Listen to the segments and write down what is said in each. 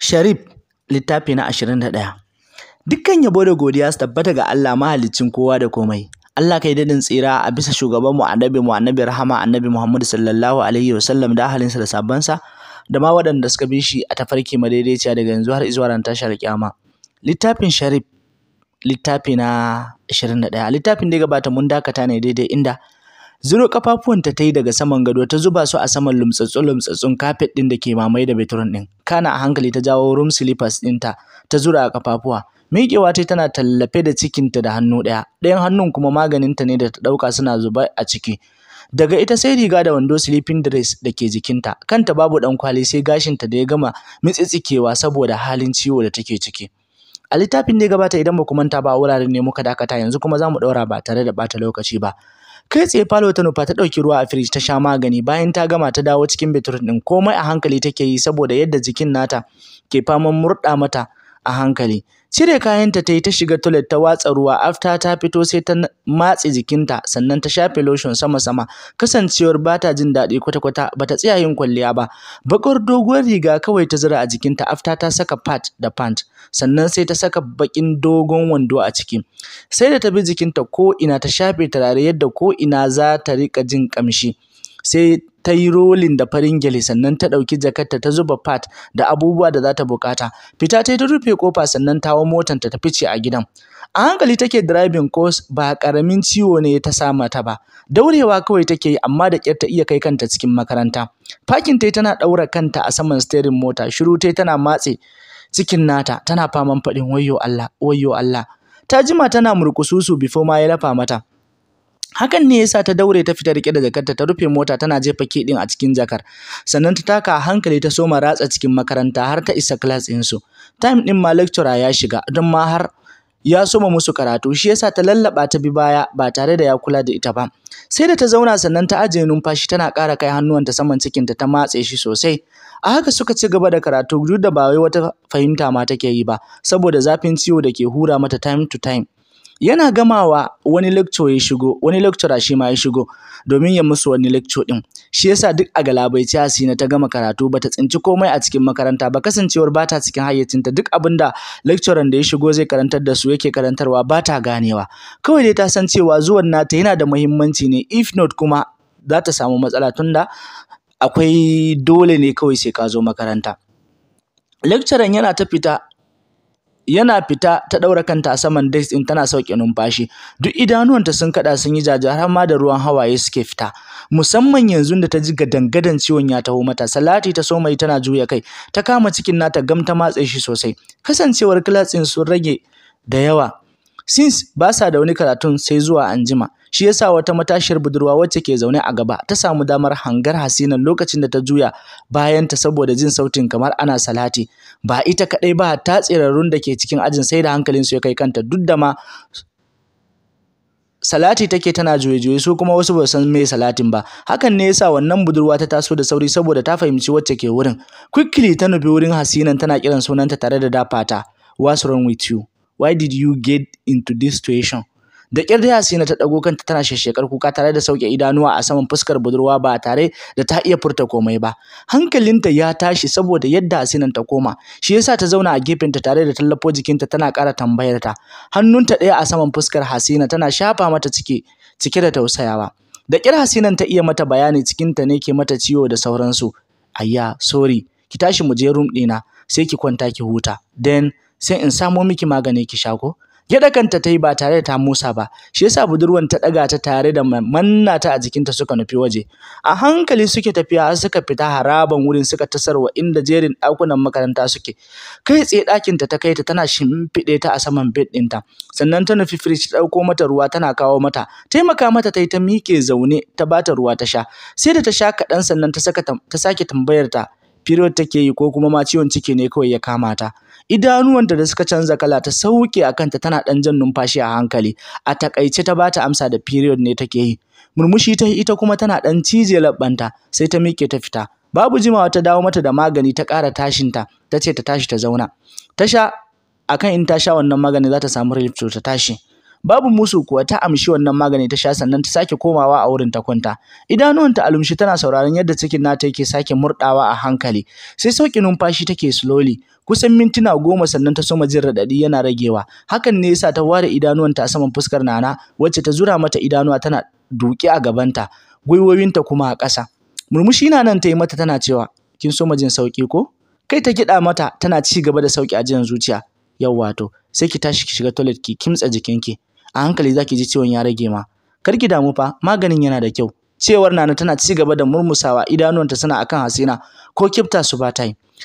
Sharif littafi na 21 Dukkan yabo da godiya su tabbata ga Allah mahaliccin kowa da komai Allah kai dadin tsira a bisa shugaban mu annabi mu annabi rahama annabi Muhammadu sallallahu alaihi wasallam da ahalinsa da sa da ma waɗanda suka bi shi a tafarki madaidaiciya daga yanzu har zuwa ran tashar kiyama littafin Sharif littafi na 21 littafin da ya gabata mun dakata ne daidai inda Zuro kafafuwanta ta yi daga saman gado ta zuba su a saman lumtsatsu-lumtsatsun kafet ɗin da ke mamai da bedroom ɗin. Kana a hankali ta jawo room slippers ɗinta ta ta zura a kafafuwa. Miƙewa ta tana tallafe da cikinta da hannu ɗaya, ɗayan hannun kuma maganinta ne da ta ɗauka suna zuba a ciki. Daga ita sai riga da wando sleeping dress da ke jikinta, kanta babu kwali sai gashinta da ya gama mitsitsikewa saboda halin ciwo da take ciki. A littafin da ya gabata idan ba ku manta ba wuraren ne muka dakata yanzu kuma za mu ɗaura ba tare da ɓata lokaci ba. kai tsaye falo ta nufa ta ɗauki ruwa a firiji ta sha magani bayan ta gama ta dawo cikin bedroom ɗin komai a hankali take yi saboda yadda jikin nata ke faman murɗa mata a hankali. Cire kayanta ta yi ta shiga toilet ta watsa ruwa afta ta fito sai ta matse jikinta sannan ta shafe lotion sama-sama kasancewar ba ta jin daɗi kwata-kwata ba ta tsaya yin kwalliya ba. Bakar doguwar riga kawai ta zura a jikinta afta ta saka pad da pant sannan sai ta saka bakin dogon wando a ciki. Sai da ta bi jikinta ko ina ta shafe turare yadda ko ina za ta riƙa jin ƙamshi. sai ta yi rolin da farin gyale sannan ta ɗauki jakarta ta zuba fat da abubuwa da za ta buƙata. Fita ta yi ta rufe ƙofa sannan ta hau motar ta fice a gidan. A hankali take driving course ba ƙaramin ciwo ne ta sa mata ba. Daurewa kawai take yi amma da ƙyar ta iya kai kanta cikin makaranta. Fakin ta tana ɗaura kanta a saman steering mota, shiru tai tana matse cikin nata, tana faman faɗin wayyo Allah, wayyo Allah. Ta jima tana murkususu bifo ma ya lafa mata. Hakan ne yasa ta daure ta fita rike da jakarta ta rufe mota tana jefa din a cikin jakar. Sannan ta taka hankali ta soma ratsa cikin makaranta har ta isa class din su. Time din ma lecturer ya shiga don ma har ya soma musu karatu shi yasa ta lallaba ta bi baya ba tare da ya kula da ita ba. Sai da ta zauna sannan ta ajiye numfashi tana ƙara kai hannuwanta saman cikinta ta matse shi sosai. A haka suka ci gaba da karatu duk da ba wai wata fahimta ma take yi ba saboda zafin ciwo da ke hura mata time to time. Yana gamawa wani lecture ya shigo, wani lecturer shi ma ya shigo domin ya musu wani lecture din Shi yasa duk a galabaice na ta gama karatu bata tsinci komai a cikin makaranta ba kasancewar bata cikin hayyacinta duk abinda da lecturer da ya shigo zai karantar da su yake karantarwa bata ganewa. Kawai dai ta san cewa zuwan nata yana da muhimmanci ne if not kuma za ta samu matsala tunda akwai dole ne kawai sai ka zo makaranta. Lecturer yana ta fita yana fita ta ɗaura kanta a saman desk ɗin tana sauke numfashi duk idanuwanta sun kaɗa sun yi jaja har ma da ruwan hawaye suke fita musamman yanzu da ta ji ga gadangadan ciwon ya taho mata salati ta somai tana juya kai ta kama cikin nata gamta matse shi sosai kasancewar class ɗin sun rage da yawa since ba sa da wani karatun sai zuwa anjima shi yasa wata matashiyar budurwa wacce ke zaune a gaba ta samu damar hangar hasinan lokacin da ta juya bayanta saboda jin sautin kamar ana salati ba ita kadai ba ta tsirarrun da ke cikin ajin sai da su ya kai kanta duk da ma salati take tana juye-juye su kuma wasu ba san me salatin ba hakan ne yasa wannan budurwa ta taso da sauri saboda ta fahimci wacce ke wurin quickly ta nufi wurin hasinan tana kiran sunanta tare da dafata wasu wrong with you why did you get into this situation da ƙyar da Hasina ta ɗago kanta tana shekar kuka tare da sauke idanuwa a saman fuskar budurwa ba tare da ta iya furta komai ba. Hankalinta ya tashi saboda yadda Asinan ta koma, shi yasa ta zauna a gefenta tare da tallafo jikinta tana ƙara tambayar ta. Hannunta ɗaya a saman fuskar Hasina tana shafa mata cike cike da tausayawa. Da ƙyar Hasinan ta iya mata bayani cikinta ne ke mata ciwo da sauransu. Ayya, sorry, ki tashi mu je room ɗina, sai ki kwanta ki huta. Then sai in samo miki magani ki sha ko gyaɗa kanta ta yi ba tare da ta musa ba shi yasa budurwan ta ɗaga ta tare da manna ta a jikinta suka nufi waje a hankali suke tafiya har suka fita haraban wurin suka tasarwa inda jerin ɗakunan makaranta suke kai tsaye ɗakinta ta ta kai ta tana shimfiɗe ta a saman bed ta. sannan ta nufi firij dauko ɗauko mata ruwa tana kawo mata taimaka mata ta yi ta miƙe zaune ta bata ruwa ta sha sai da ta sha kaɗan sannan ta sake tambayar ta period take yi ko kuma ma ciwon ciki ne kawai ya kama ta idanuwanta da suka canza kala ta sauke a kanta tana ɗan jan numfashi a hankali a takaice ta bata amsa da period ne take yi murmushi ta ita kuma tana ɗan cije labbanta sai ta miƙe ta fita babu jimawa ta dawo mata da magani ta ƙara tashinta ta ce ta tashi ta zauna ta sha akan in ta sha wannan magani za ta samu relief to ta tashi babu musu kuwa ta amshi wannan magani ta sha sannan ta sake komawa a wurin ta kwanta idanuwanta alumshi tana sauraron yadda cikin nata yake sake murdawa a hankali sai sauki numfashi take slowly kusan mintuna goma sannan ta soma jin raɗaɗi yana ragewa hakan ne yasa ta ware idanuwanta a saman fuskar nana wacce ta zura mata idanuwa tana duke a gabanta gwiwoyinta kuma a ƙasa murmushi na nan ta yi mata tana cewa kin soma jin sauki ko kai ta kiɗa mata tana ci gaba da sauki a jiyan zuciya yau wato sai ki tashi ki shiga toilet ki kimtsa jikinki a hankali zaki ji ciwon ya rage ma kar ki damu fa maganin yana da kyau cewar Nana tana ci gaba da murmusawa idanuwanta suna akan Hasina ko kifta su ba ta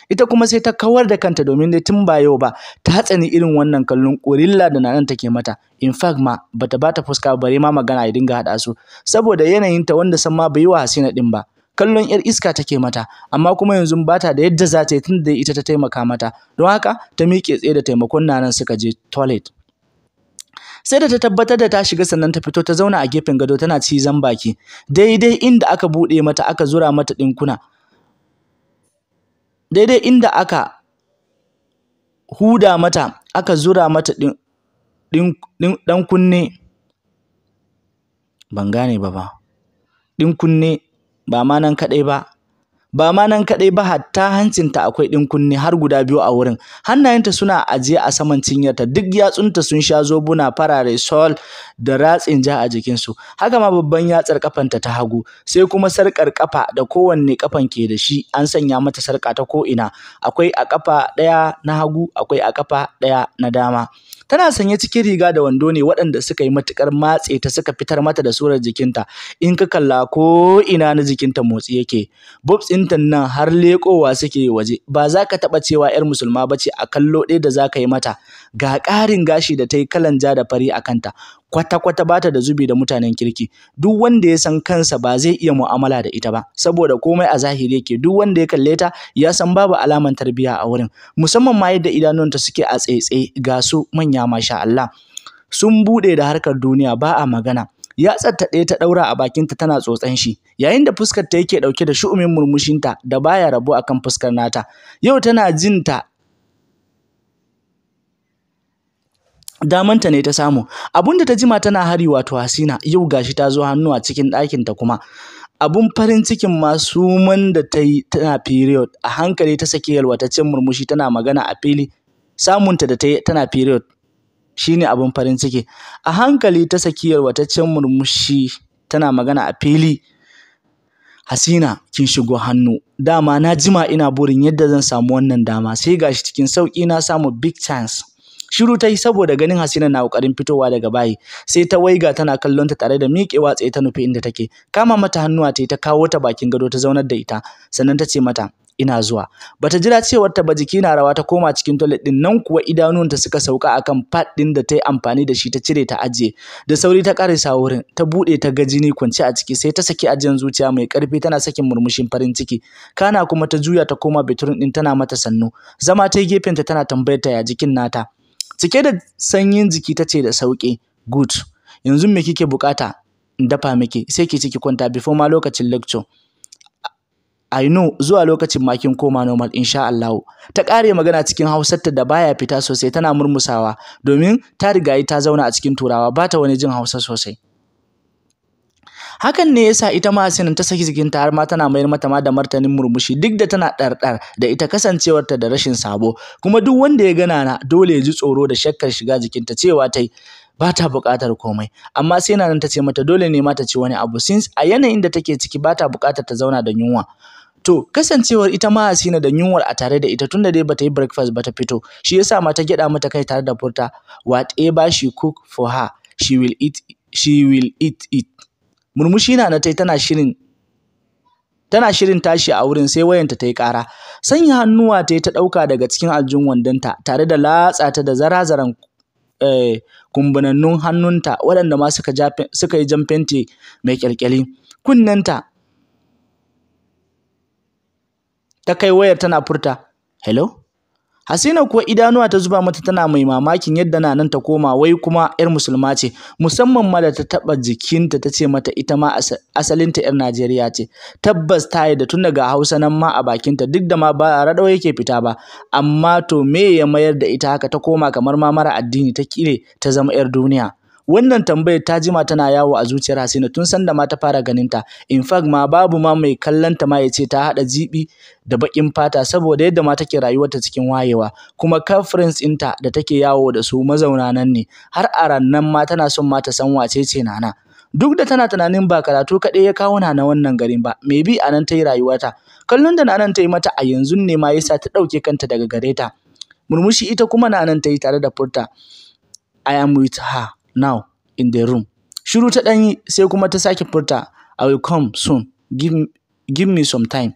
ita kuma sai ta kawar da kanta domin dai tun ba yau ba ta tsani irin wannan kallon ƙorilla da Nanan take mata in fact ma bata bata fuska bare ma magana ya dinga haɗa su saboda yanayinta wanda san ma bai wa Hasina din ba kallon yar iska take mata amma kuma yanzu bata da yadda za ta yi tunda ita ta taimaka mata don haka ta miƙe tsaye da taimakon Nanan suka je toilet sai da ta tabbatar da ta shiga sannan ta fito ta zauna a gefen gado tana cizon baki daidai inda aka bude mata aka zura mata dinkuna daidai inda aka huda mata aka zura mata din dan kunne ban gane ba ba din kunne ba ma nan kadai ba ba ma nan kaɗai ba hatta hancinta akwai ɗin kunne har guda biyu a wurin hannayenta suna ajiye a saman cinyarta duk yatsunta sun sha zobuna farare sol da ratsin ja a jikinsu haka ma babban yatsar kafanta ta hagu sai kuma sarƙar kafa da kowanne kafan ke da shi an sanya mata sarƙa ta ko'ina akwai a kafa ɗaya na hagu akwai a kafa ɗaya na dama Tana sanye cikin riga da wando ne waɗanda suka yi matuƙar matse ta suka fitar mata da surar jikinta. In ka kalla ko ina na jikinta motsi yake. Bobs ɗinta nan har leƙowa suke waje. Ba za ka taɓa cewa 'yar musulma ba ce a kallo ɗaya da za ka yi mata. Ga ƙarin gashi da ta yi kalan ja da fari a kanta. kwata-kwata bata da zubi da mutanen kirki duk wanda ya san kansa ba zai iya mu'amala da ita ba saboda komai a zahiri yake duk wanda ya kalle ta ya san babu alaman tarbiyya a wurin musamman ma yadda idanunta suke a tsaitsaye ga su manya masha Allah sun bude da harkar duniya ba a magana ya ɗaya ta ɗaura a bakinta tana tsotsan shi yayin da fuskar ta yake ɗauke da shu'umin murmushinta da baya rabu akan fuskar nata yau tana jin ta damanta ne ta samu abunda ta jima tana hari wato Hasina yau gashi ta zo hannu a cikin ɗakin ta kuma abun farin cikin masu man da ta yi tana period a hankali ta saki yalwataccen murmushi tana magana a fili samunta da ta yi tana period shi ne abun farin ciki a hankali ta saki yalwataccen murmushi tana magana a fili Hasina kin shigo hannu dama na jima ina burin yadda zan samu wannan dama sai gashi cikin sauki na samu big chance shiru ta yi saboda ganin Hasina na ƙoƙarin fitowa daga bayi sai ta waiga tana kallon ta tare da miƙewa tsaye ta nufi inda take kama mata hannuwa ta yi ta kawo ta bakin gado ta zaunar da ita sannan ta ce mata ina zuwa bata jira cewar ta ba jiki na rawa ta koma cikin toilet din nan kuwa idanun ta suka sauka akan pad din da ta yi amfani da shi ta cire ta ajiye da sauri ta sa wurin ta bude ta ga jini kwance a ciki sai ta saki ajiyan zuciya mai karfi tana sakin murmushin farin ciki kana kuma ta juya ta koma bathroom din tana mata sannu zama ta gefen ta tana tambayar ta ya jikin nata Cike da sanyin jiki ta ce da sauƙi, good. Yanzu me kike buƙata? In dafa miki, sai ki ciki kwanta before ma lokacin lecture. I know zuwa lokacin ma kin koma normal insha Allah. Ta ƙare magana cikin Hausarta da baya fita sosai tana murmusawa domin ta rigayi ta zauna a cikin Turawa ba ta wani jin Hausa sosai. hakan ne yasa ita ma ta saki jikinta har ma tana mayar mata ma da martanin murmushi duk da tana ɗarɗar da ita kasancewarta da rashin sabo kuma duk wanda ya gana na dole ya ji tsoro da shakkar shiga jikinta cewa ta yi ba ta buƙatar komai amma sai nan ta ce mata dole ne ma ta ci wani abu since a yanayin da take ciki ba ta buƙatar ta zauna da yunwa To kasancewar ita ma Asina da yunwar a tare da ita tunda dai bata yi breakfast bata fito shi yasa ma ta gyada mata kai tare da furta whatever she cook for her she will eat she will eat it murmushi na tai tana shirin tana shirin tashi a wurin sai wayanta ta yi ƙara sanya hannuwa ta ta ɗauka daga cikin aljun wandonta tare da latsa ta da zarazaran eh, kumbunannun hannunta waɗanda ma suka, suka yi jan fenti mai ƙyalƙyali kunnenta ta kai wayar tana furta hello Hasina kuwa idanuwa ta zuba mata tana mai mamakin yadda nanan ta koma wai kuma 'yar musulma ce musamman ma da ta taba jikinta ta ce mata ita ma asalinta 'yar Najeriya ce. Tabbas ta yi da tun daga Hausa nan ma a bakinta duk da ma ba raɗau yake fita ba amma to me ya mayar da ita haka ta koma kamar ma addini ta kire ta zama 'yar duniya. Wannan tambayar ta jima tana yawo a zuciyar Hasina tun sanda ma ta fara ganinta. In fact ma babu ma mai kallonta ma ya ta haɗa jibi da bakin fata saboda yadda ma take rayuwarta cikin wayewa. Kuma conference ɗinta da take yawo da su mazauna nan ne. Har a rannan ma tana son ma ta san wace ce Nana. Duk da tana tunanin ba karatu kaɗai ya kawo Nana wannan garin ba, me bi a nan ta yi rayuwarta. Kallon da Nanan ta yi mata a yanzu ne ma yasa ta ɗauke kanta daga gare ta. Murmushi ita kuma Nanan ta yi tare da furta. I am with her. now in the room. Shiru ta ɗanyi sai kuma ta sake furta I will come soon give, give me some time.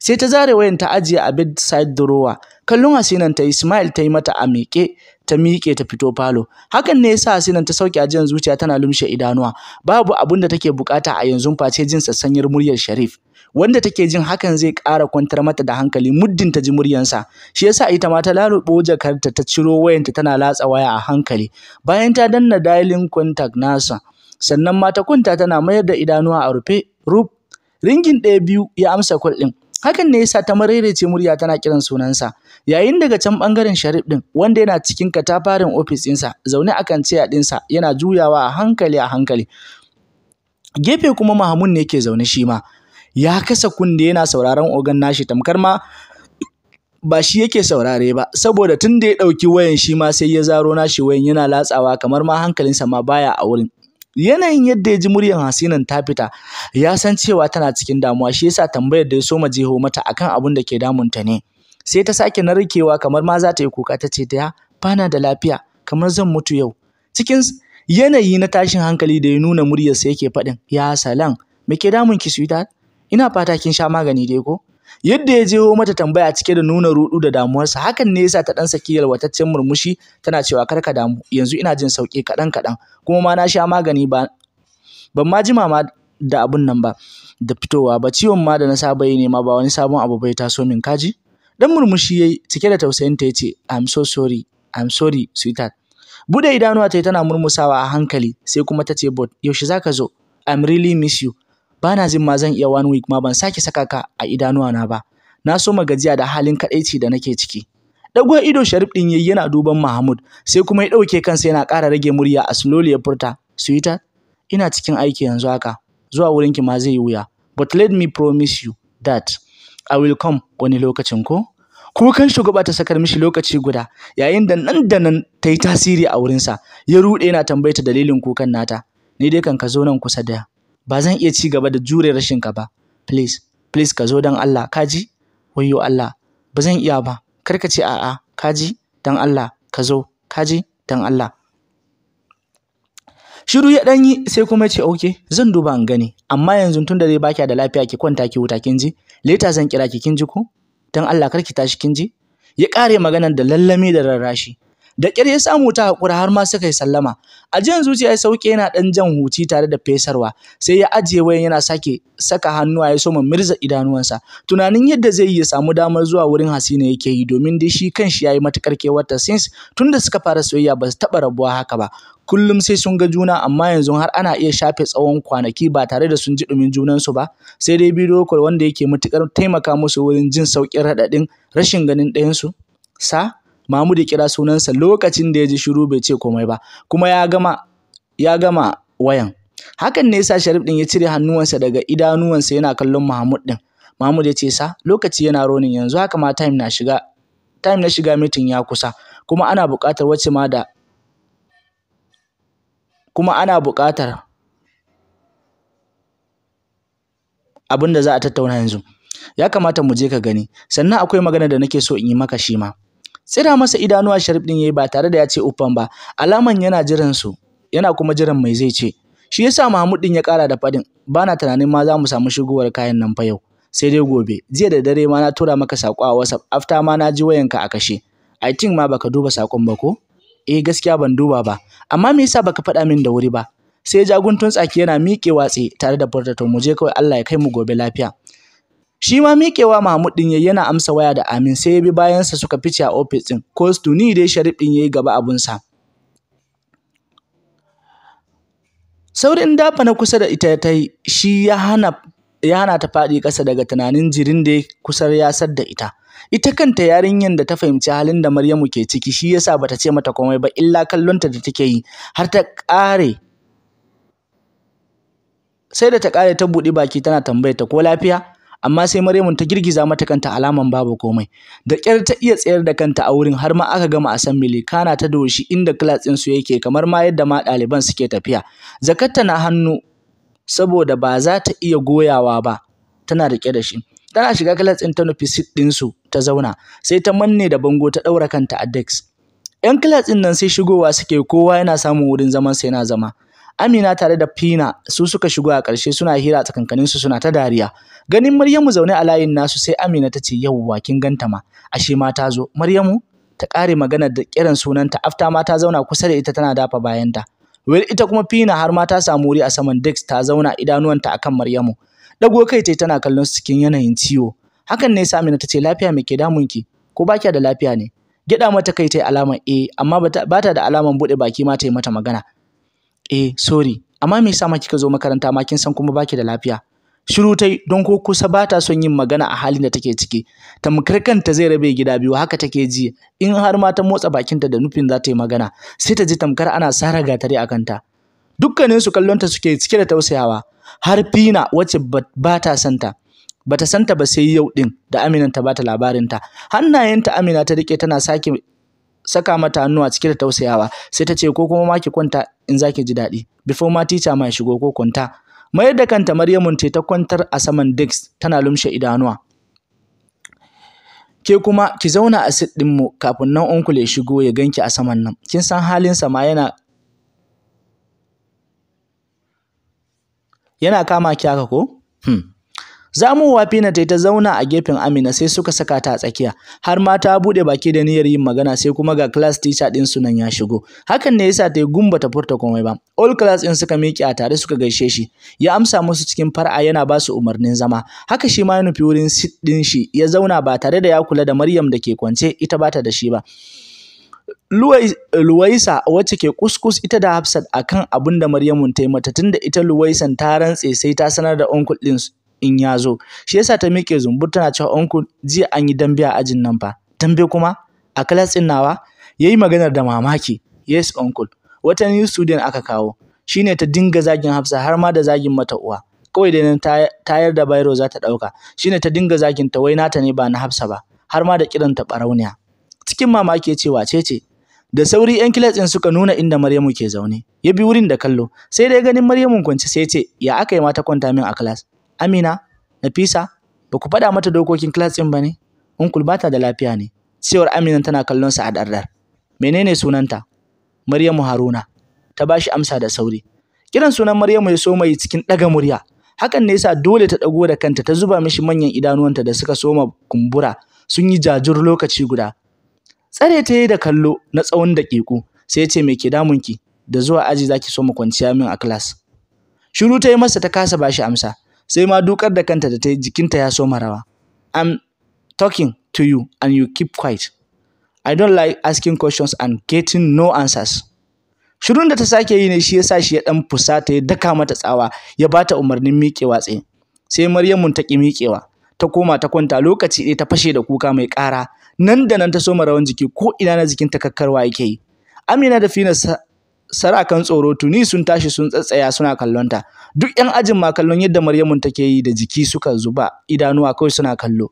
Sai ta zare wayan ta ajiye a bedside drawer kallon Hasinan ta Ismail ta yi mata a miƙe ta miƙe ta fito falo hakan ne yasa Hasinan ta sauke ajiyar zuciya tana lumshe idanuwa babu abin da take bukata a yanzu face jin sassanyar muryar Sharif wanda take jin hakan zai ƙara kwantar mata da hankali muddin ta ji muryansa shi yasa ita ma ta lalubo jakarta ta ciro wayanta tana latsa waya a hankali bayan ta danna dialing contact nasa sannan ma ta kwanta tana mayar da idanuwa a rufe rub ringin ɗaya biyu ya amsa kwal ɗin hakan ne yasa ta ce murya tana kiran sunansa yayin daga can bangaren sharif ɗin wanda yana cikin katafarin ofis ɗinsa zaune kan ciya ɗinsa yana juyawa a hankali a hankali gefe kuma Mahamun ne ke zaune shi ma ya kasa kunne yana sauraron ogan nashi tamkar ma ba shi yake saurare ba saboda tun da ya ɗauki wayan shi ma sai ya zaro nashi wayan yana latsawa kamar ma hankalinsa ma baya a wurin yanayin yadda ya ji muryar hasinan ta fita ya san cewa tana cikin damuwa shi yasa tambayar da ya so ma jeho mata akan abin da ke ta ne sai ta sake narkewa kamar ma za ta yi kuka ta ce ta bana da lafiya kamar zan mutu yau cikin yanayi na tashin hankali da ya nuna muryarsa yake faɗin ya salan me ke damun ki sweetheart Ina fata kin sha magani dai ko? Yadda ya jeho mata tambaya cike da nuna rudu da damuwarsa, hakan ne yasa ta dan saki yalwataccen murmushi tana cewa kar ka damu, yanzu ina jin sauki kaɗan kaɗan, kuma ma na sha magani ba ban ma ji mama da abun nan ba da fitowa ba ciwon ma da na saba yi ne ma ba wani sabon abu bai taso min kaji. Dan murmushi yayi cike da tausayin ta yace I'm so sorry, I'm sorry sweetheart. Bude idanuwa ta yi tana murmusawa a hankali sai kuma ta ce but yaushe zaka zo? I'm really miss you. bana jin ma zan iya one week ma ban sake saka ka a idanuwa na ba na so gajiya da halin kadaici da nake ciki dago ido sharif din yayi yana duban mahmud sai kuma ya dauke kansa yana ƙara rage murya a slowly ya furta sweetheart ina cikin aiki yanzu haka zuwa wurinki ma zai yi wuya but let me promise you that I will come wani lokacin ko? Kukan shugaba ta sakar mishi lokaci guda yayin da nan da nan ta yi tasiri a wurinsa ya ruɗe yana tambayata dalilin kukan nata ni dai kan ka zo nan kusa da ba zan iya ci gaba da jure rashin ka ba please please ka zo dan Allah ka ji wayyo Allah ba zan iya ba kar ka ce a'a ka ji dan Allah ka zo ka ji dan Allah shiru ya danyi sai kuma ce okay zan duba in gani amma yanzu tun da zai baki da lafiya ki kwanta ki wuta kin ji leta zan kira ki kin ji ko dan Allah kar ki tashi kin ji ya kare maganar da lallami da rarrashi da ƙyar ya samu ta haƙura har ma suka yi sallama ajiyan zuciya ya sauke yana ɗan jan huci tare da fesarwa sai ya ajiye wayan yana sake saka hannuwa ya soma mirza idanuwansa tunanin yadda zai yi ya samu damar zuwa wurin hasina yake yi domin dai shi kan shi ya yi matuƙar kewarta since da suka fara soyayya ba su taɓa rabuwa haka ba kullum sai sun ga juna amma yanzu har ana iya shafe tsawon kwanaki ba tare da sun ji ɗumin junansu ba sai dai bidiyo kwal wanda yake matuƙar taimaka musu wurin jin sauƙin raɗaɗin rashin ganin ɗayansu sa Mahmud ya kira sunansa lokacin da ya ji shiru bai ce komai ba kuma ya gama ya gama wayan. Hakan ne yasa Sharif din ya cire hannuwansa daga idanuwansa yana kallon Mahmud din. Mahmud ya ce sa lokaci yana ronin yanzu haka ma time na shiga time na shiga meeting ya kusa kuma ana buƙatar wacce ma da kuma ana buƙatar abin da za a tattauna yanzu. Ya kamata mu je ka gani sannan akwai magana da nake so in yi maka shi ma. Tsira masa idanuwa Sharif din yayi ba tare da ya ce uffan ba, alaman yana jiran su, yana kuma jiran mai zai ce. Shi yasa Mahmud din ya kara da faɗin, bana tunanin ma za mu samu shigowar kayan nan fa yau, sai dai gobe. Jiya da dare ma na tura maka sako a WhatsApp, after ma na ji wayanka a kashe. I think ma baka duba saƙon ba ko? Eh gaskiya ban duba ba, amma me yasa baka faɗa min da wuri ba? Sai jaguntun tsaki yana miƙe watsi tare da furtato mu je kawai Allah ya kai mu gobe lafiya. Shi ma miƙewa Mahmud ɗin yayi yana amsa waya da Amin sai ya bi bayansa suka fice a ofis ɗin. to ni dai Sharif ɗin yayi gaba abun sa. Saurin dafa na kusa da ita ta yi shi ya hana ya hana ta faɗi ƙasa daga tunanin jirin da ya kusar yasar da ita. Ita kanta yarinyar da ta fahimci halin da Maryamu ke ciki shi yasa bata ce mata komai ba illa kallonta da take yi har ta ƙare sai da ta ƙare ta buɗe baki tana tambayar ta ko lafiya amma sai Maryamun ta girgiza mata kanta alaman babu komai da ƙyar ta iya tsayar da kanta a wurin har ma aka gama assembly kana ta doshi inda class din su yake kamar ma yadda ma ɗaliban suke tafiya zakatta na hannu saboda ba za ta iya goyawa ba tana riƙe da shi tana shiga class ɗin ta nufi seat ɗin su ta zauna sai ta manne da bango ta ɗaura kanta a desk 'yan class ɗin nan sai shigowa suke kowa yana samun wurin zaman sai yana zama Amina tare da Fina su suka shigo a ƙarshe suna hira tsakankanin su suna ta dariya. Ganin Maryamu zaune a layin nasu sai Amina ta ce yauwa kin ganta ma ashe ma ta zo. Maryamu ta kare magana da kiran sunanta afta ma ta zauna kusa da ita tana dafa bayanta. Wel ita kuma Fina har ma ta samu wuri a saman Dex ta zauna idanuwanta akan Maryamu. Dago kai tai tana kallon su cikin yanayin ciwo. Hakan ne sai Amina ta ce lafiya me ke damunki? Ko ba da lafiya ne? Gyaɗa mata kai tai alamar A eh, amma ba ta da alamar buɗe baki ma ta yi mata magana. eh sorry amma me yasa ma kika zo makaranta ma kin san kuma baki da lafiya shiru tai don ko kusa ba ta son yin magana a halin da take ciki tamkar kanta zai rabe gida biyu haka take ji in har ma ta motsa bakinta da nufin za ta yi magana sai ta ji tamkar ana sara gatari a kanta dukkanin su kallonta suke cike da tausayawa har fina wacce ba ta santa bata santa ba sai yau din da aminanta bata labarinta hannayenta amina ta rike tana sake saka mata hannu a cike da tausayawa sai ta ce ko kuma ma ki kwanta in zaki ji daɗi before ma teacher ma shigo ko kwanta mayar da kanta Maryamun ce ta kwantar a saman desk tana lumshe idanuwa ke kuma ki zauna a sit mu kafin nan uncle ya shigo ya ganki a saman nan kin san halinsa ma yana yana kama ki haka ko hmm. zamu wafi na ta zauna a gefen Amina sai suka saka ta a tsakiya, har ma ta bude baki da niyyar yin magana sai kuma ga class teacher din su nan ya shigo. Hakan ne yasa tai gumba ta furta komai ba. All class din suka miƙe a tare suka gaishe shi, ya amsa musu cikin far'a yana ba su umarnin zama. Haka shi ma ya nufi wurin sit din shi ya zauna ba tare da ya kula da Maryam da ke kwance ita ba da shi ba. Luwaisa wacce ke kuskus ita da Hafsat akan abin da Maryamun ta yi mata tunda ita Luwaisan ta rantse sai ta sanar da uncle ɗin in ya zo shi yasa ta miƙe zumbur tana cewa uncle jiya an yi dambe a ajin nan fa dambe kuma a class ɗin nawa yayi maganar da mamaki yes uncle wata new student aka kawo shine ta dinga zagin Hafsa har ma da zagin mata uwa kawai da nan tayar da bayro za ta ɗauka shine ta dinga zagin ta wai nata ne ba na Hafsa ba har ma da kiranta barauniya cikin mamaki ya ce wace ce da sauri yan kilas in suka nuna inda Maryamu ke zaune ya bi wurin da kallo sai dai ganin Maryamu kwance sai ya ce ya aka yi mata kwanta min a class Amina, Nafisa, ba ku faɗa mata dokokin class ɗin ba ne? Unkul ba ta da lafiya ne. Cewar Amina tana kallon sa a ɗarɗar. Menene sunanta? Maryamu Haruna. Ta ba shi amsa da sauri. Kiran sunan Maryamu ya soma yi cikin ɗaga murya. Hakan ne yasa dole ta ɗago da kanta ta zuba mishi manyan idanuwanta da suka soma kumbura sun yi jajur lokaci guda. Tsare ta yi da kallo na tsawon daƙiƙu sai ya ce me ke damunki da zuwa aji zaki so mu kwanciya min a class. Shiru ta yi masa ta kasa ba shi amsa. sai ma dukar da kanta da ta yi jikinta ya soma rawa. I'm talking to you and you keep quiet. I don't like asking questions and getting no answers. Shirun da ta sake yi ne shi ya sa shi ya ɗan fusata ya daka mata tsawa ya ba ta umarnin miƙewa tsaye. Sai Maryamun ta ƙi miƙewa. Ta koma ta kwanta lokaci ɗaya ta fashe da kuka mai ƙara. Nan da nan ta soma rawan jiki ko ina na jikinta kakkarwa yake yi. Amina da Finas sarakan tsoro tuni sun tashi sun tsatsaya suna kallonta duk yan ajin ma kallon yadda Maryamun take yi da jiki suka zuba idanuwa kawai suna kallo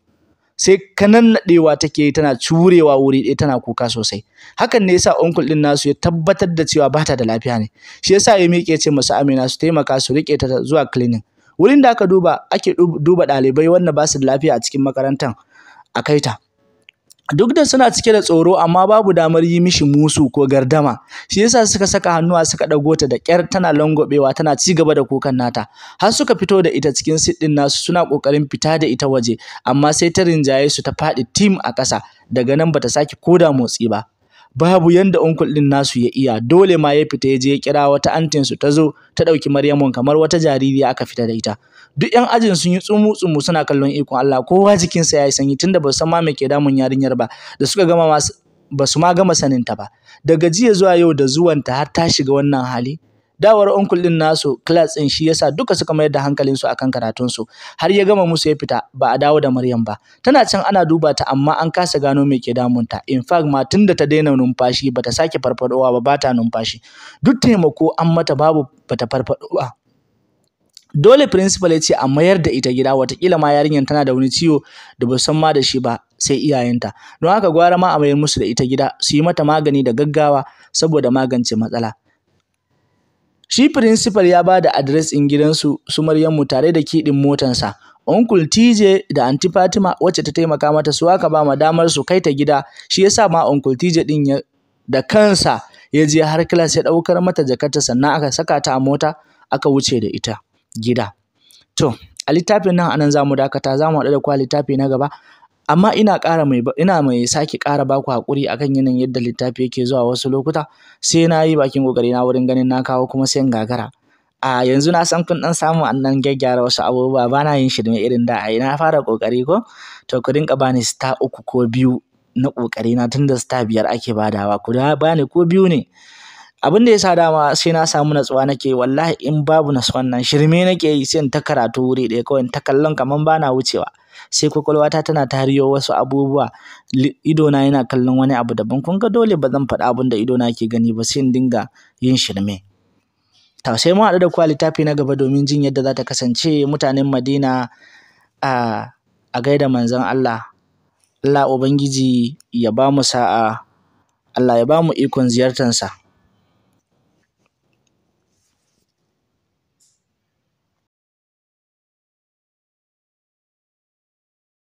sai kanan nadewa take yi tana curewa wuri ɗaya tana kuka sosai hakan ne yasa onkul din nasu ya tabbatar da cewa bata da lafiya ne shi yasa ya miƙe ce masu Amina su taimaka su rike ta zuwa clinic wurin da aka duba ake duba ɗalibai wanda ba su da lafiya a cikin makarantar a kaita duk da suna cike da tsoro amma babu damar yi mishi musu ko gardama shi yasa suka saka hannuwa suka ɗago ta da ƙyar tana langwabewa tana ci gaba da kukan nata har suka fito da ita cikin siɗin nasu suna ƙoƙarin fita da ita waje amma sai ta rinjaye su ta faɗi tim a ƙasa daga nan bata sake koda motsi ba babu yanda onkul ɗin nasu ya iya dole ma ya fita ya je ya kira wata su ta zo ta ɗauki Maryamun kamar wata jaririya aka fita da ita duk yan ajin sun yi tsumu tsumu suna kallon ikon Allah kowa jikinsa ya yi sanyi tunda ba san ma me ke damun yarinyar ba da suka gama ma ba su ma gama sanin ta ba daga jiya zuwa yau da zuwan ta har ta shiga wannan hali dawar onkul din nasu class din shi yasa duka suka mayar da hankalin su akan karatun su har ya gama musu ya fita ba a dawo da Maryam ba tana can ana duba ta amma an kasa gano me ke damun ta. in fact ma tunda ta daina numfashi bata sake farfadowa ba bata numfashi duk taimako an mata babu bata farfadowa dole principal ya ce a mayar da ita gida watakila ma yarinyar tana da wani ciwo da ba san ma da shi ba sai iyayenta don haka gwara ma a mayar musu da ita gida su yi mata magani da gaggawa saboda magance matsala shi principal ya ba da adres ɗin gidansu su Maryamu tare da kiɗin motansa Uncle TJ da Aunty Fatima wacce ta taimaka mata su aka ba ma damar su kai ta gida shi yasa ma Uncle TJ ɗin da kansa ya je har class ya ɗaukar mata jakarta sannan aka saka ta a mota aka wuce da ita gida to a littafin nan anan zamu dakata zamu haɗu da kuwa littafi na gaba amma ina ƙara mai ina mai sake ƙara baku haƙuri akan yanayin yadda littafi yake zuwa wasu lokuta sai na yi bakin ƙoƙari na wurin ganin na kawo kuma sai gagara a yanzu na san kun dan samu annan dan gyaggyara wasu abubuwa Ba na yin shirme irin da ai na fara ƙoƙari ko to ku dinga bani star uku ko biyu na ƙoƙarina na tunda star biyar ake badawa ku da bani ko biyu ne abin da ya sa dama sai na samu natsuwa nake wallahi in babu natsuwan nan shirme nake yi sai in ta karatu wuri ɗaya kawai in ta kallon kaman bana wucewa sai kwakwalwata tana ta tariyo wasu abubuwa idona yana kallon wani abu daban kun ga dole ba zan faɗa abin da idona ke gani ba sai in dinga yin shirme to sai mu haɗu da kuwa littafi na gaba domin jin yadda za ta kasance mutanen madina a a gaida manzon Allah Allah ubangiji ya ba mu sa'a Allah ya ba mu ikon ziyartarsa